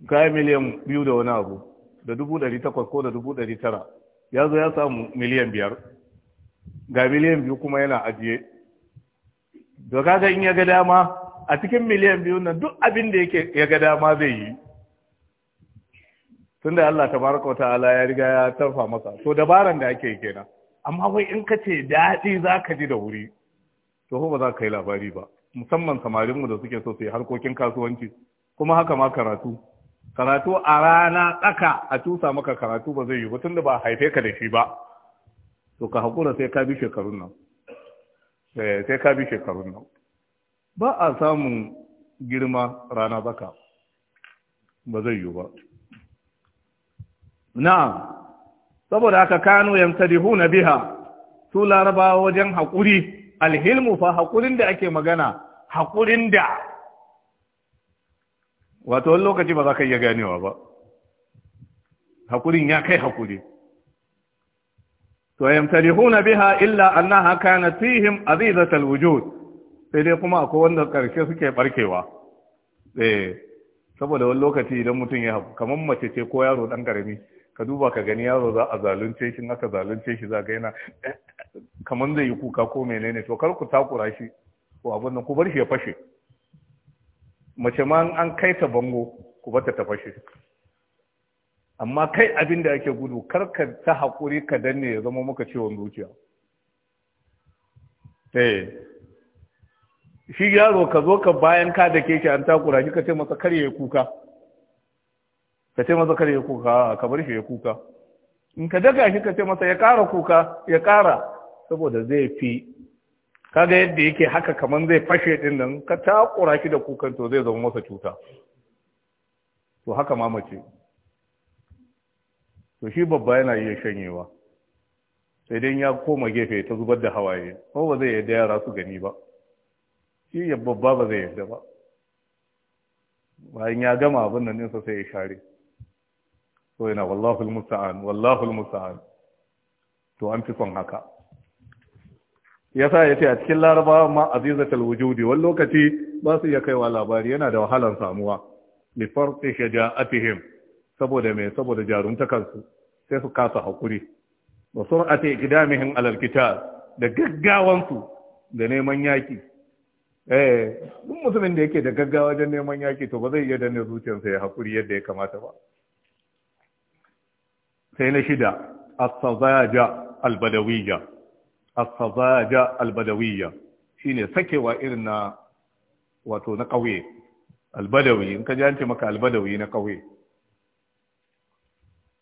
kayan miliyan biyu da wani abu da dubu ɗari takwas ko da dubu ɗari tara ya zo ya samu miliyan biyar ga miliyan biyu kuma yana ajiye da kaga in ya ga dama a cikin miliyan biyu nan duk abin da yake ya ga dama zai yi tunda Allah Ta baraka wa ta'ala ya riga ya tarfa masa to dabaran da ake kenan amma wai in ka ce daɗi za ka ji da wuri to ba za ka yi labari ba musamman samarinmu da suke so su yi harkokin kasuwanci kuma haka ma karatu karatu a rana tsaka a cusa maka karatu ba zai yi ba tunda ba haife ka da shi ba to ka haƙura sai ka bi shekarun nan eh, sai ka bi shekarun nan ba a samun girma rana tsaka ba zai yi ba na'am saboda aka kano yamsadihu na biha su larabawa wajen haƙuri alhilmu fa haƙurin da ake magana haƙurin da wato wani lokaci ba za ka iya ganewa ba hakurin ya kai hakuri to na biha illa annaha kana fihim azizatal wujud sai dai kuma akwai wanda karshe suke barkewa eh saboda wani lokaci idan mutum ya haku kamar mace ce ko yaro dan karami ka duba ka gani yaro za a zalunce shi naka zalunce shi za ga yana eh, kamar zai yi kuka ko menene to kar ku takura shi ko abin nan ku bar shi ya fashe mace ma an kai ta bango ku bata ta fashe amma kai abin da ake gudu karka ta hakuri ka danne ya zama muka ciwon zuciya eh shi yaro ka zo ka bayan ka da keke an takura shi ka ce masa kar ya kuka ka ce masa kar ya kuka ka bar shi ya kuka in ka daga shi ka ce masa ya ƙara kuka ya ƙara saboda zai fi kaga yadda yake haka kaman zai fashe din nan ka takura ki da kukan to zai zama masa cuta to haka ma mace to shi babba yana iya shanyewa sai dai ya koma gefe ta zubar da hawaye ko ba zai yadda yara su gani ba shi ya babba ba zai yadda ba bayan ya gama abin nan ɗinsa sai ya share so yana wallahul musta'an wallahul musta'an to an fi son haka Ya sa ya ce a cikin larabawa ma azizatul wujudi wani lokaci ba su iya kaiwa labari yana da wahalar samuwa li farqi shaja'atihim saboda me saboda jarumtakan sai su kasa hakuri wa sur'ati iqdamihim alal qital da gaggawan su da neman yaki eh duk mutumin da yake da gaggawa wajen neman yaki to ba zai iya danne zuciyarsa ya hakuri yadda ya kamata ba sai na shida as-sazaja al-badawiyya as-sabaja al-badawiyya shine sakewa irin na wato na kauye al-badawi in ka ji maka al-badawi na kauye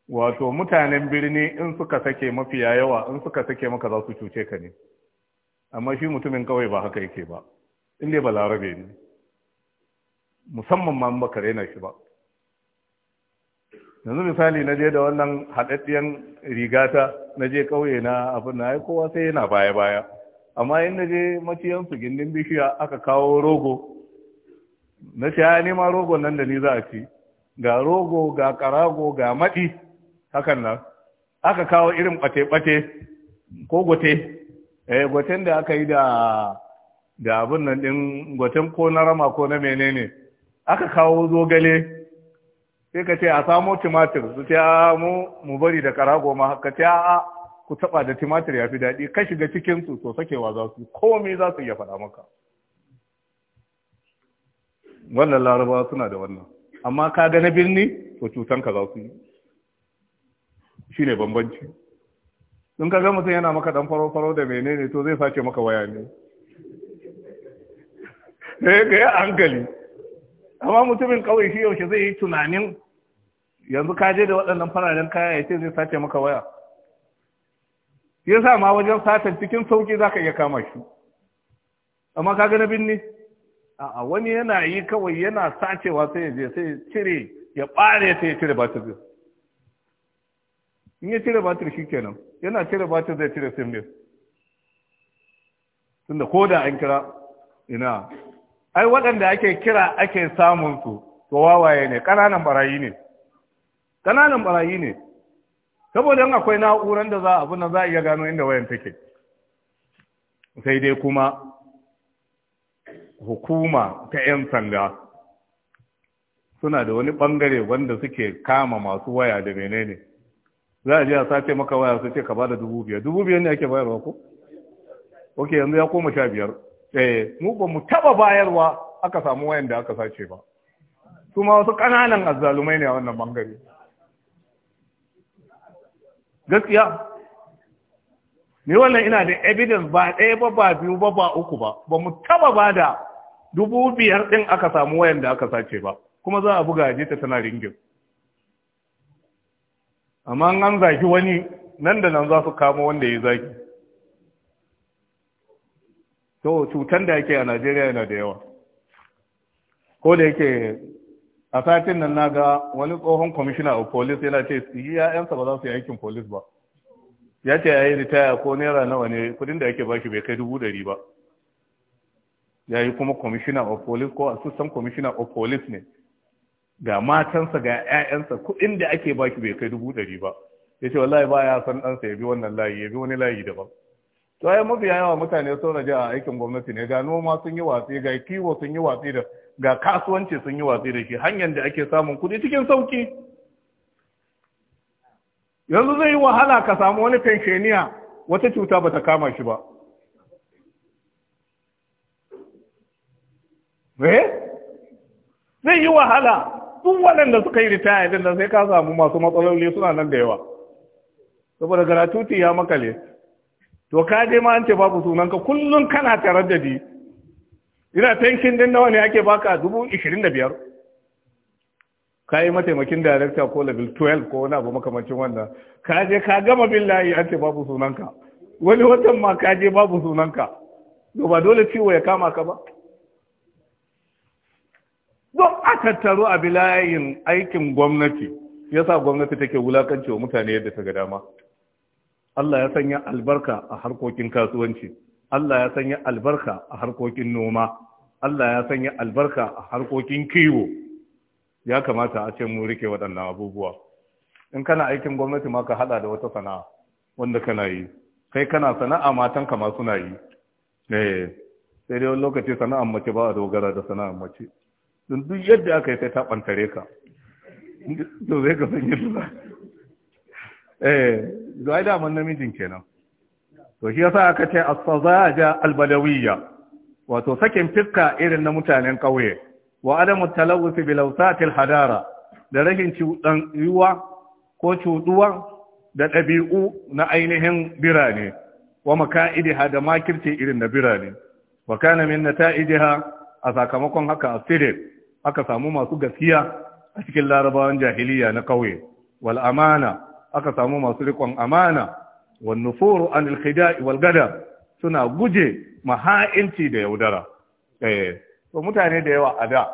wato mutanen birni in suka sake mafiya yawa in suka sake maka za su cuce ka ne amma shi mutumin kawai ba haka yake ba inda dai balarabe ne musamman ma baka raina shi ba yanzu misali na je da wannan haɗaɗɗiyan rigata na je ƙauye na abin na kowa sai yana baya-baya amma in na je maciyansu gindin bishiya aka kawo rogo na ce ya nema rogon nan da ni za a ci ga rogo ga karago ga maɗi hakan nan aka kawo irin ɓate-ɓate ko gote eh goten da aka yi da da abin nan ɗin goten ko na rama ko na menene aka kawo zogale sai ka ce a samo tumatir su ce a mu mu bari da kara goma ka ce a ku taba da tumatir ya fi daɗi ka shiga cikin su to sakewa za su komai za su iya faɗa maka wannan laraba suna da wannan amma ka ga na birni to cutanka za su yi shine bambanci in ka ga mutum yana maka dan faro-faro da menene to zai sace maka waya ne ne ga ya hankali amma mutumin kawai shi yaushe zai yi tunanin yanzu ka je da waɗannan fararen kaya ya ce zai sace maka waya ya sa ma wajen satan cikin sauki za ka iya kama shi amma ka gana binne a wani yana yi kawai yana sacewa sai ya je sai cire ya ɓare sai ya cire batir in ya cire batir shi kenan yana cire batir zai cire sim din tunda ko da an kira ina ai waɗanda ake kira ake samun su to wawaye ne ƙananan barayi ne kananan barayi ne saboda akwai na'uran da za a abu na za a iya gano inda wayan take sai dai kuma hukuma ta 'yan sanda suna da wani bangare wanda suke kama masu waya da menene za a ji a sace maka waya su ce ka ba da dubu biyar dubu biyar ne ake bayarwa ko ok yanzu ya koma sha biyar ɗaya eh, mu ba mu taba bayarwa aka samu wayan da aka sace ba su ma wasu ƙananan azzalumai ne a wannan bangare gaskiya ni wannan ina da evidence ba ɗaya ba ba biyu ba ba uku ba ba mu taba ba da dubu biyar ɗin aka samu wayan da aka sace ba kuma za a buga je ta tana ringin amma an zaki wani nan da nan za su kama wanda ya zaki to cutan da yake a najeriya yana da yawa ko da yake a satin nan na ga wani tsohon kwamishina a polis yana ce yi ya'yansa ba za su yi aikin polis ba ya ce ya yi ritaya ko naira nawa ne kudin da yake bashi bai kai dubu ɗari ba ya yi kuma kwamishina of police ko assistant kwamishina of police ne ga matansa ga 'ya'yansa kudin da ake bashi bai kai dubu ɗari ba ya ce wallahi ba ya san ɗansa ya bi wannan layi ya bi wani layi daban to ai mafi yawa mutane sun raja a aikin gwamnati ne ga noma sun yi watsi ga kiwo sun yi watsi da ga kasuwanci sun yi watsi da shi hanyar da ake samun kuɗi cikin sauki yanzu zai yi wahala ka samu wani fenshaniya wata cuta ba ta kama shi ba eh? zai yi wahala duk waɗanda suka yi ritaya din da sai ka samu masu matsaloli suna nan da yawa saboda garatuti ya makale to ka je ma an ce babu sunanka kullum kana tare da ina tankin din nawa ne ake baka dubu ishirin da biyar ka yi mataimakin darakta ko level 12 ko wani abu makamancin wannan ka je ka gama bin layi an ce babu sunanka wani watan ma ka je babu sunanka to ba dole ciwo ya kama ka ba don a tattaro a bilayin aikin gwamnati ya sa gwamnati take wulakanci mutane yadda ta ga dama Allah ya sanya albarka a harkokin kasuwanci Allah ya sanya albarka a harkokin noma Allah ya sanya albarka a harkokin kiwo ya kamata a ce mu rike waɗannan abubuwa in kana aikin gwamnati ma ka haɗa da wata sana'a wanda kana yi kai kana sana'a matan ka ma suna yi eh, sai dai wani lokaci sana'ar mace ba a dogara da sana'ar mace don duk yadda aka yi sai ta ɓantare ka to zai ka san yadda eh zai da man namijin kenan to shi yasa aka ce as-sazaja al-badawiyya wato sakin fiska irin na mutanen kauye wa adamu talawus bil hadara da rashin cudan yuwa ko cuɗuwa da ɗabi'u na ainihin birane wa maka'idiha da makirci irin na birane wa kana min nata'ijiha a sakamakon haka asirin aka samu masu gaskiya a cikin larabawan jahiliya na kauye wal amana aka samu masu rikon amana wan nufuru an al suna guje maha'inci da yaudara eh to mutane da yawa a da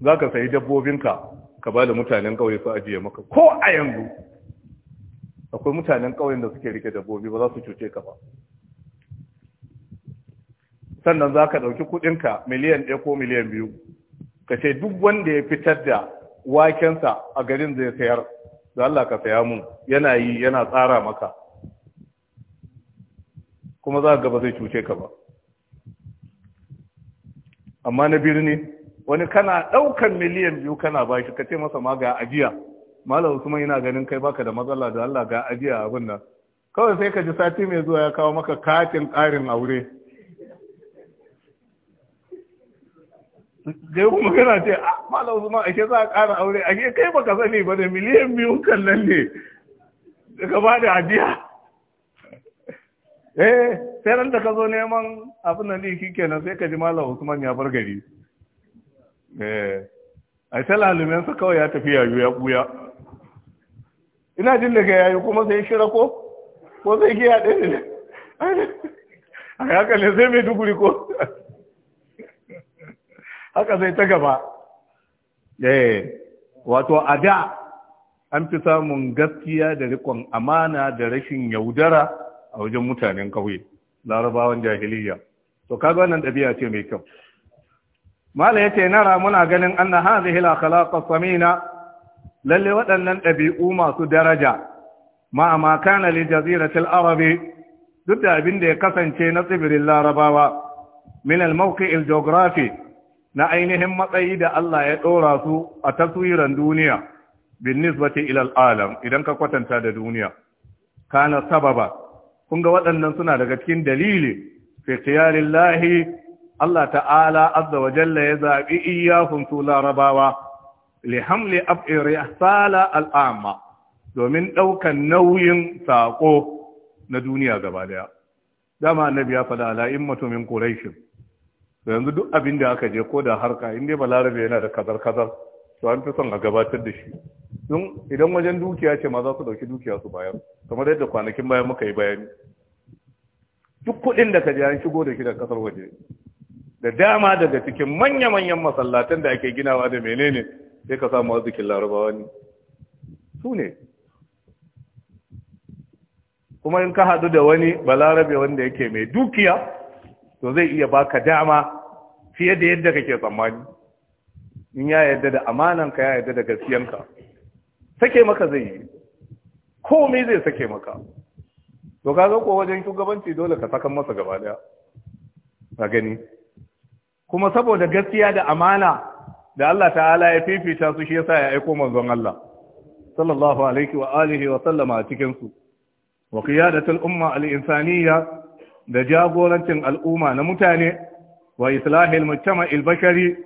za ka sayi dabbobinka ka ba da mutanen kauye su ajiye maka ko a yanzu akwai mutanen ƙauyen da suke rike dabbobi ba za su cuce ka ba sannan za ka ɗauki kuɗinka miliyan ɗaya ko miliyan biyu ka ce duk wanda ya fitar da wakensa a garin zai sayar da Allah ka saya mun yana yi yana tsara maka kuma za ka ba zai cuce ka ba amma na birni wani kana ɗaukan miliyan biyu kana ba shi ka ce masa ma ga ajiya malam usman yana ganin kai baka da matsala da Allah ga ajiya abin nan kawai sai ka ji sati mai zuwa ya kawo maka katin ƙarin aure ga yi magana ce a ah, malam usman ake za a ƙara aure ake kai baka sani ba da miliyan biyun kan nan ne daga ba da hadiya eh sai ran da ka zo neman abin nan ne nan, sai ka ji malam usman ya bar gari eh ai sai su kawai ya tafi yayu ya buya ina jin daga yayu kuma sai shira ko ko sai giya ɗaya ne a yakan ne sai mai duguri ko haka zai ta gaba eh wato a da an fi samun gaskiya da rikon amana da rashin yaudara a wajen mutanen kauye larabawan jahiliya to kaga wannan ɗabi'a ce mai kyau mala yace nara muna ganin anna hadhihi la khalaqa samina lalle waɗannan ɗabi'u masu daraja ma ma kana li jaziratil arabi duk da abin da ya kasance na tsibirin larabawa min al-mawqi' al na ainihin matsayi da Allah ya ɗora su a taswiran duniya bin nisbati ilal alam idan ka kwatanta da duniya kana sababa kun ga waɗannan suna daga cikin dalili fi lahi Allah ta'ala azza wa jalla ya zaɓi iyakun su larabawa li hamli af'iri sala al'amma domin ɗaukan nauyin saƙo na duniya gaba daya dama annabi ya faɗa ala mutumin min quraishin da yanzu duk abin da aka je ko da harka in balarabe yana da kazar-kazar to an fi son a gabatar da shi don idan wajen dukiya ce ma za su dauki dukiya su bayar kamar yadda kwanakin bayan muka yi bayani duk kuɗin da ka je an shigo da shi da kasar waje da dama daga cikin manya-manyan masallatan da ake ginawa da menene sai ka samu arzikin larabawa ne su ne kuma in ka haɗu da wani balarabe wanda yake mai dukiya to zai iya baka dama fiye da yadda kake tsammani in ya yadda da amananka ya yadda da gaskiyanka sake maka zai yi komai zai sake maka to ka ko wajen shugabanci dole ka sakan masa gaba daya ka gani kuma saboda gaskiya da amana da Allah ta'ala ya fifita su shi yasa ya aiko manzon Allah sallallahu alaihi wa alihi wa sallama a cikin su wa qiyadatul umma al-insaniyya da jagorancin al'umma na mutane wa islahil al bashari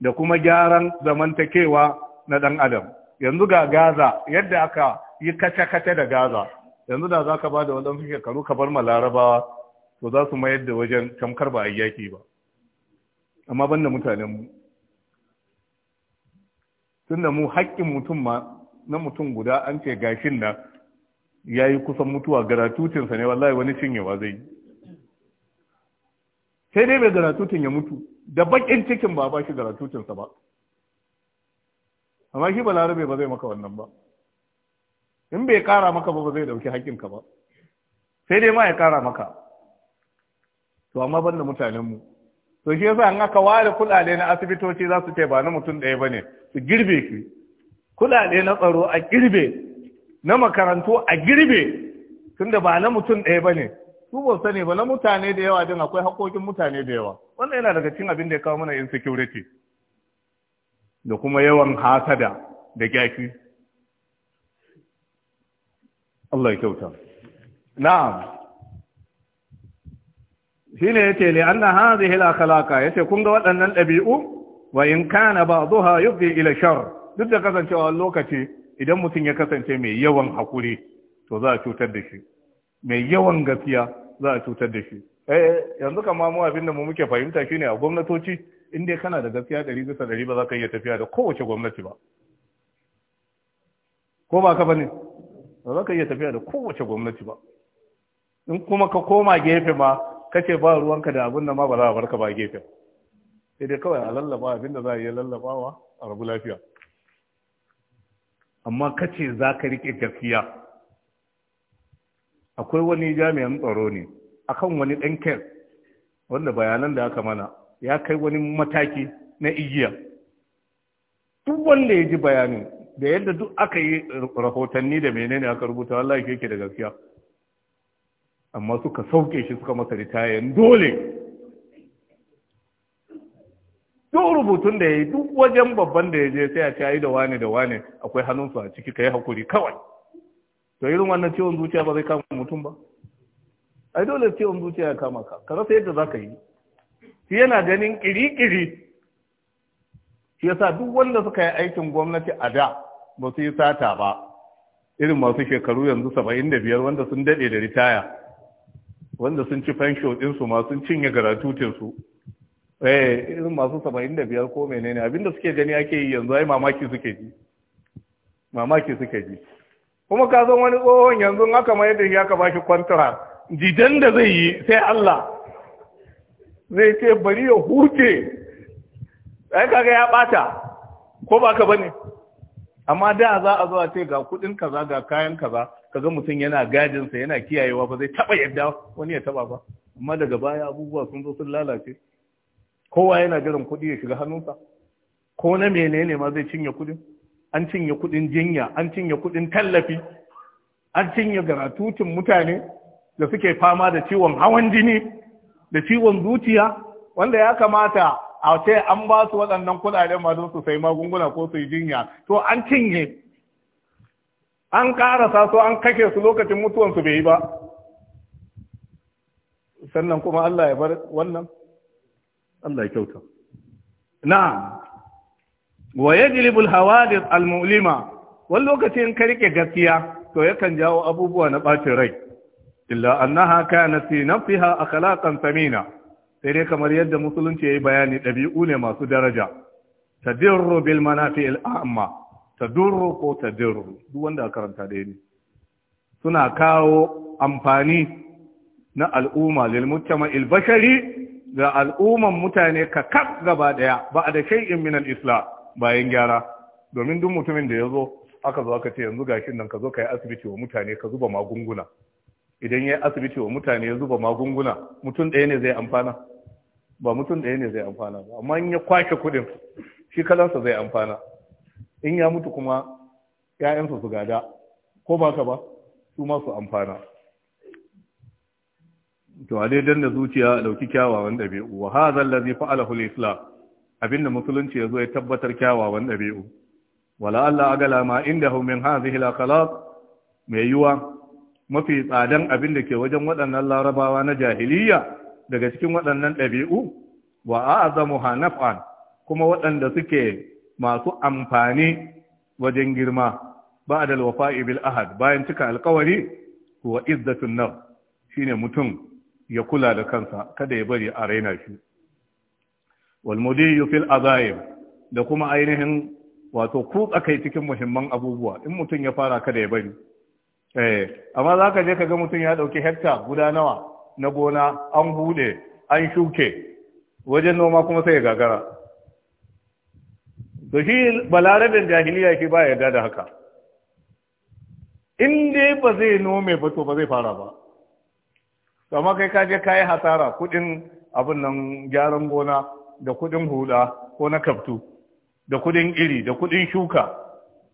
da kuma gyaran zamantakewa na ɗan adam yanzu ga gaza yadda aka yi kace-kace da gaza yanzu da zaka ba da waɗansu shekaru ka bar ma to za su mayar da wajen tamkar ba ayyaki ba amma banda mutanen mu tunda mu haƙƙin mutum ma na mutum guda an ce gashin nan yayi kusan mutuwa garatutinsa ne wallahi wani cinyewa zai sai dai mai garatutun ya mutu da bakin cikin ba ba shi garatutunsa ba amma shi balarabe ba zai maka wannan ba in bai kara maka ba ba zai dauki hakinka ba sai dai ma ya kara maka to amma ban da mutanenmu to shi yasa an aka ware kudade na asibitoci za su ce ba na mutum ɗaya ba ne su girbe ki Kudade na tsaro a girbe na makarantu a girbe tunda ba na mutum ɗaya ba ne su ba sani ba na mutane da yawa din akwai hakokin mutane da yawa wannan yana daga cikin abin da ya kawo mana insecurity da kuma yawan hasada da gyaki Allah ya kyauta na'am shine yace ne anna hadhihi al-akhlaqa yace kun ga waɗannan ɗabi'u wa in kana ba'daha yubdi ila shar duk da kasancewa lokaci idan mutum ya kasance mai yawan hakuri to za a cutar da shi mai yawan gaskiya za a cutar da shi eh yanzu kama mu da mu muke fahimta shine a gwamnatoci in dai kana da gaskiya ɗari bisa ɗari ba za ka iya tafiya da kowace gwamnati ba ko ba ka bane ba za ka iya tafiya da kowace gwamnati ba in kuma ka koma gefe ma ce ba ruwanka da abin da ma ba za a barka ba gefe sai dai kawai a lallaba abin da za a iya lallabawa a rabu lafiya amma ka ce za ka riƙe gaskiya akwai wani jami'an tsaro ne akan wani ɗan kes wanda bayanan da aka mana ya kai wani mataki na igiya duk wanda ya ji bayanin da yadda duk aka yi rahotanni da menene aka rubuta wallahi yake da gaskiya amma suka sauke shi suka masa ritayen dole duk rubutun da ya yi duk wajen babban da ya je sai a ci da wane da wane akwai hannunsu a ciki ka yi hakuri kawai to irin wannan ciwon zuciya ba zai kama mutum ba ai dole ciwon zuciya ya kama ka ka rasa yadda za ka yi shi yana ganin kiri-kiri shi yasa duk wanda suka yi aikin gwamnati a da ba su yi sata ba irin masu shekaru yanzu saba'in da biyar wanda sun daɗe da ritaya wanda sun ci fensho ɗinsu ma sun cinye su eh irin masu saba'in da biyar ko menene abinda suke gani ake yi yanzu ai mamaki suke ji mamaki suke ji kuma ka san wani tsohon yanzu aka mayar da shi aka bashi kwantara jidan da zai yi sai Allah zai ce bari ya huce ai kaga ya bata ko ba ka bane amma da za a zo a ce ga kudin kaza ga kayan kaza kaga mutum yana sa yana kiyayewa ba zai taba yadda wani ya taba ba amma daga baya abubuwa sun zo sun lalace kowa yana jiran kudi ya shiga hannunsa ko na menene ma zai cinye kudin an cinye kuɗin jinya an cinye kuɗin tallafi an cinye garatutun mutane da suke fama da ciwon hawan jini da ciwon zuciya wanda ya kamata a ce an ba su waɗannan kuɗaɗen masu su sai magunguna ko su yi jinya to an cinye an ƙarasa su an kake su lokacin mutuwansu bai yi ba sannan kuma Allah ya bar wannan Allah ya kyauta na'am wa yajlibu al-hawadith al wani lokaci in ka rike gaskiya to yakan jawo abubuwa na bacin rai illa annaha kanat fi nafsiha akhlaqan samina. sai dai kamar yadda musulunci yayi bayani dabi'u ne masu daraja tadirru bil manafi'il a'ma tadurru ko tadirru duk wanda karanta da ne suna kawo amfani na al'umma lil mujtama'il bashari ga al'umman mutane kakab gaba daya ba da shay'in min al-islam bayan gyara domin duk mutumin da ya zo aka zo aka ce yanzu gashin nan ka zo ka yi asibiti wa mutane ka zuba magunguna idan ya yi asibiti wa mutane ya zuba magunguna mutum ɗaya ne zai amfana ba mutum ɗaya ne zai amfana ba amma in ya kwashe kuɗin shi kalansa zai amfana in ya mutu kuma ‘ya'yansa su gada ko ba ka ba su ma su amfana to a dai danna zuciya ɗauki kyawawan ɗabi'u wa hazan lazi fa'alahu islam abinda musulunci ya zo ya tabbatar kyawawan ɗabi'u wala Allah agala ma inda min hazihi al-akhlaq mai yuwa mafi tsadan abin da ke wajen waɗannan larabawa na jahiliya daga cikin waɗannan ɗabi'u wa azamu naf'an kuma waɗanda suke masu amfani wajen girma ba al-wafa'i bil ahad bayan cika alƙawari wa izzatun nafs shine mutum ya kula da kansa kada ya bari a raina shi walmudiyu fil azaim da kuma ainihin wato ku kai cikin muhimman abubuwa in mutum ya fara kada ya bari eh amma za ka je ka ga mutum ya ɗauki hekta guda nawa na gona an bude, an shuke wajen noma kuma sai ya gagara to shi balarabin jahiliya shi ba yarda da haka in dai ba zai nome ba to ba zai fara ba amma kai ka je ka yi hasara kuɗin abin nan gyaran gona da kuɗin hula ko na kaftu da kuɗin iri da kuɗin shuka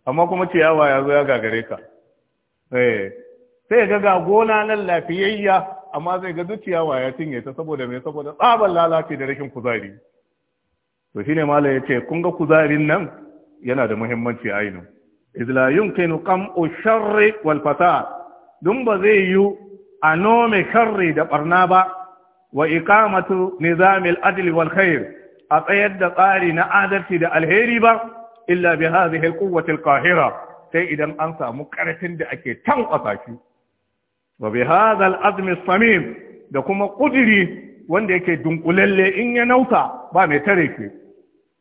amma kuma ciyawa ya zo ya gagare ka eh, sai ga ga gona nan lafiyayya amma zai ga ciyawa ya cinye ta saboda mai saboda tsabar lalace da rashin kuzari to shine malam yace kun ga kuzarin nan yana da muhimmanci ainu iz la yumkinu qam'u sharri wal fasad dun ba zai yu a nome sharri da barna ba wa ikamatu nizamil adl wal khair a tsayar da tsari na adalci da alheri ba illa bi hadhihi al quwwati al qahira sai idan an samu karfin da ake tankwasa shi wa bi hadha al azm al samim da kuma kudiri wanda yake dunkulalle in ya nausa, ba mai tare shi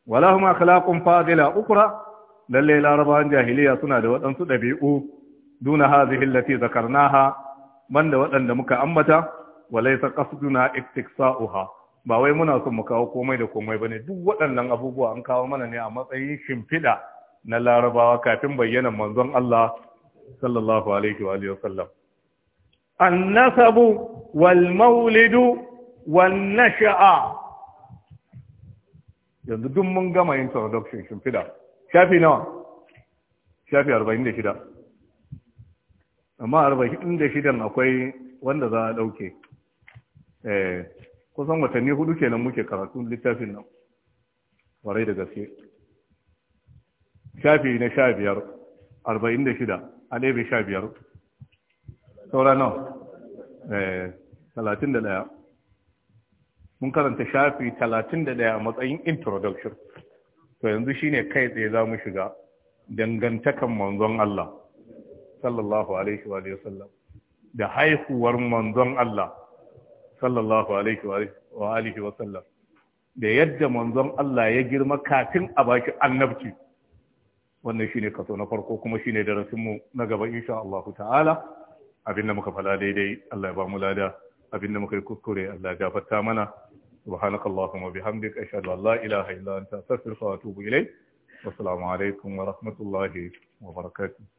walahum akhlaqun fadila ukra lalle larabawan jahiliya suna da waɗansu ɗabi'u duna hazihi allati zakarnaha banda waɗanda muka ambata walaisa kasuduna iktiksa'uha ba wai muna son mu kawo komai da komai bane duk waɗannan abubuwa an kawo mana ne a matsayin shimfiɗa na larabawa kafin bayyana manzon Allah sallallahu alaihi wa alihi wasallam annasabu wal maulidu wan nasha'a yanzu duk mun gama introduction shimfiɗa shafi nawa shafi 46 amma 46 akwai wanda za a ɗauke Eh, kusan watanni hudu kenan muke karatun littafin nan warai da gaske shafi na sha biyar arba'in da shida a ɗaya sha biyar saura nan eh, talatin da ɗaya mun karanta shafi talatin da ɗaya a matsayin introduction to yanzu shine kai tsaye za mu shiga dangantakan manzon Allah sallallahu alaihi wa sallam da haihuwar manzon Allah sallallahu alaihi wa alihi wa sallam da yadda manzon Allah ya girma kafin a baki annabci wannan shine kaso na farko kuma shine darasin mu na gaba insha Allah ta'ala abinda muka fada daidai Allah ya ba mu lada abinda muka yi kuskure Allah ya gafarta mana subhanakallahumma bihamdika ashhadu an la ilaha illa anta astaghfiruka wa atubu ilayk wassalamu alaikum wa rahmatullahi wa